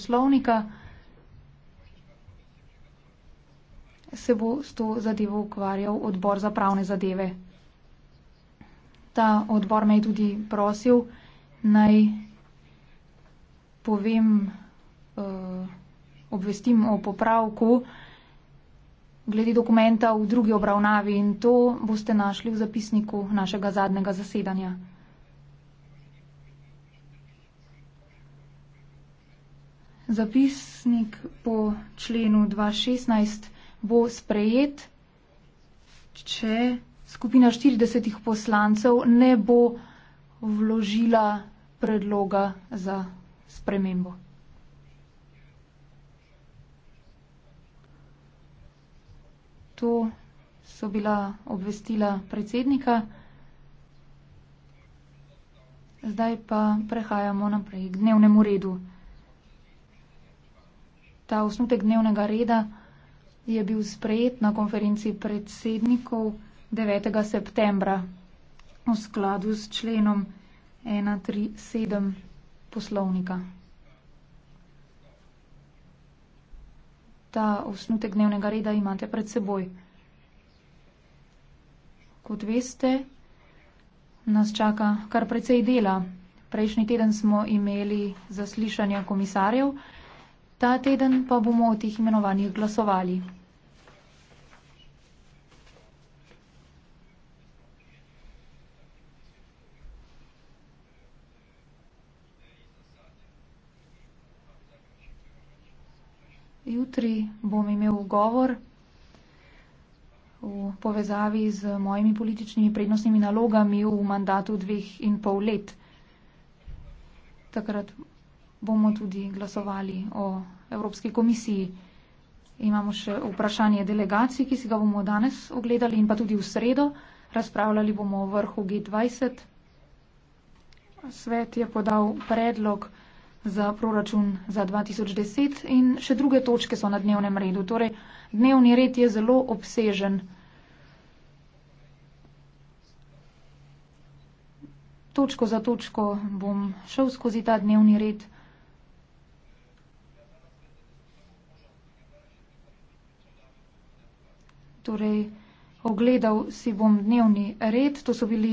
poslovnika, se bo s to zadevo ukvarjal odbor za pravne zadeve. Ta odbor me je tudi prosil, naj povem, eh, obvestim o popravku glede dokumenta v drugi obravnavi in to boste našli v zapisniku našega zadnjega zasedanja. zapisnik po členu 216 bo sprejet, če skupina 40 poslancev ne bo vložila predloga za spremembo. To so bila obvestila predsednika. Zdaj pa prehajamo naprej k dnevnemu redu ta osnutek dnevnega reda je bil sprejet na konferenci predsednikov 9. septembra v skladu s členom 137 poslovnika. Ta osnutek dnevnega reda imate pred seboj. Kot veste, nas čaka kar precej dela. Prejšnji teden smo imeli zaslišanja komisarjev. Ta teden pa bomo o teh imenovanjih glasovali. Jutri bom imel govor v povezavi z mojimi političnimi prednostnimi nalogami v mandatu dveh in pol let. Takrat bomo tudi glasovali o Evropski komisiji. Imamo še vprašanje delegacij, ki si ga bomo danes ogledali in pa tudi v sredo. Razpravljali bomo o vrhu G20. Svet je podal predlog za proračun za 2010 in še druge točke so na dnevnem redu. Torej, dnevni red je zelo obsežen. Točko za točko bom šel skozi ta dnevni red. Torej, ogledal si bom dnevni red, to so bili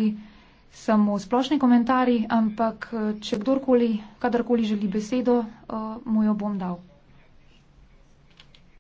samo splošni komentarji, ampak eh, če kdorkoli, kadarkoli želi besedo, eh, mu jo bom dal.